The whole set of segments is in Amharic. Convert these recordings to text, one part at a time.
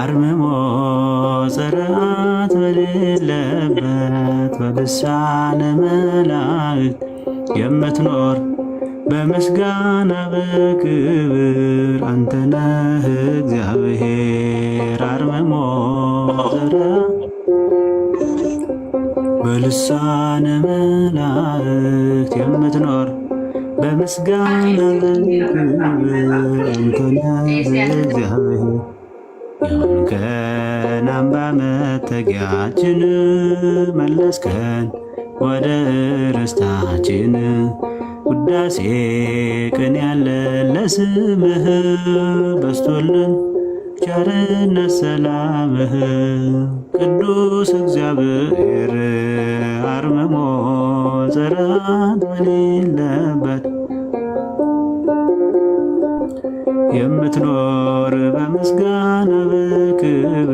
አርምሞ ጽርዓት በሌለበት በልሳነ መላእክት የምትኖር በምስጋና በክብር አንተ ነህ እግዚአብሔር። አርምሞ ጽርዓት በልሳነ መላእክት የምትኖር በምስጋና በክብር አንተ ነህ እግዚአብሔር። ያን ቀን አምባ መጠጊያችን መለስከን ወደ ርስታችን ውዳሴ ቅን ያለን ለስምህ በስቶልን ቸርነት ሰላምህ ቅዱስ እግዚአብሔር አርምሞ ዘራት በሌለ የምትኖር በምስጋና በክብር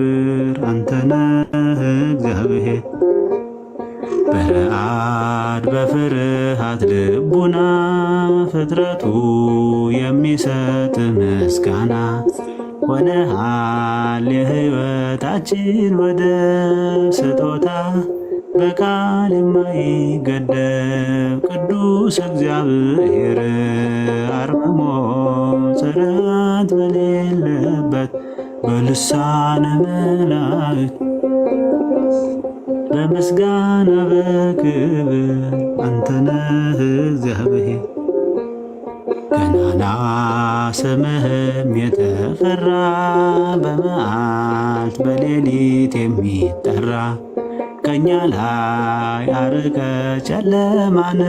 አንተነህ እግዚአብሔር በረአድ በፍርሃት ልቡና ፍጥረቱ የሚሰጥ ምስጋና ሆነሃል የህይወታችን ወደብ ስጦታ በቃል የማይገደብ ቅዱስ እግዚአብሔር አርምሞ ተረት በሌለበት በልሳነ መላእክት በምስጋና በክብር አንተነህ እግዚአብሔር ገናና ስምህም የተፈራ በመዓልት በሌሊት የሚጠራ ከኛ ላይ አርቀ ጨለማን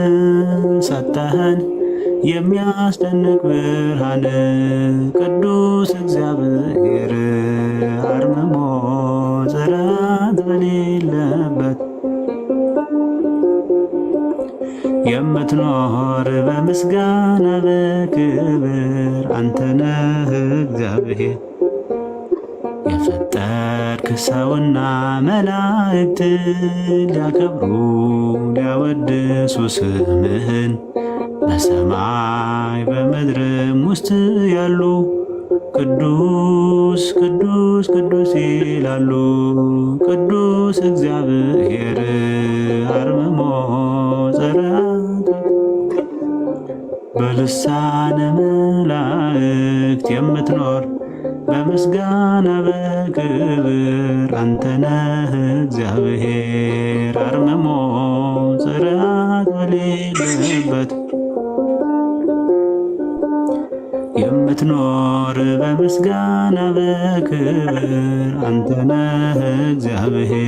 ሰጠህን የሚያስደንቅ ብርሃን ቅዱስ እግዚአብሔር አርምሞ ጽራት በሌለበት የምትኖር በምስጋና በክብር አንተነህ እግዚአብሔር የፈጠርክ ሰውና መላእክት ሊያከብሩ ሊያወድሱ ስምህን በሰማይ በምድርም ውስጥ ያሉ ቅዱስ ቅዱስ ቅዱስ ይላሉ። ቅዱስ እግዚአብሔር አርምሞ ጸራ በልሳነ መላእክት የምትኖር በምስጋና በክብር አንተነህ እግዚአብሔር አርምሞ የምትኖር በምስጋና በክብር አንተ ነህ እግዚአብሔር።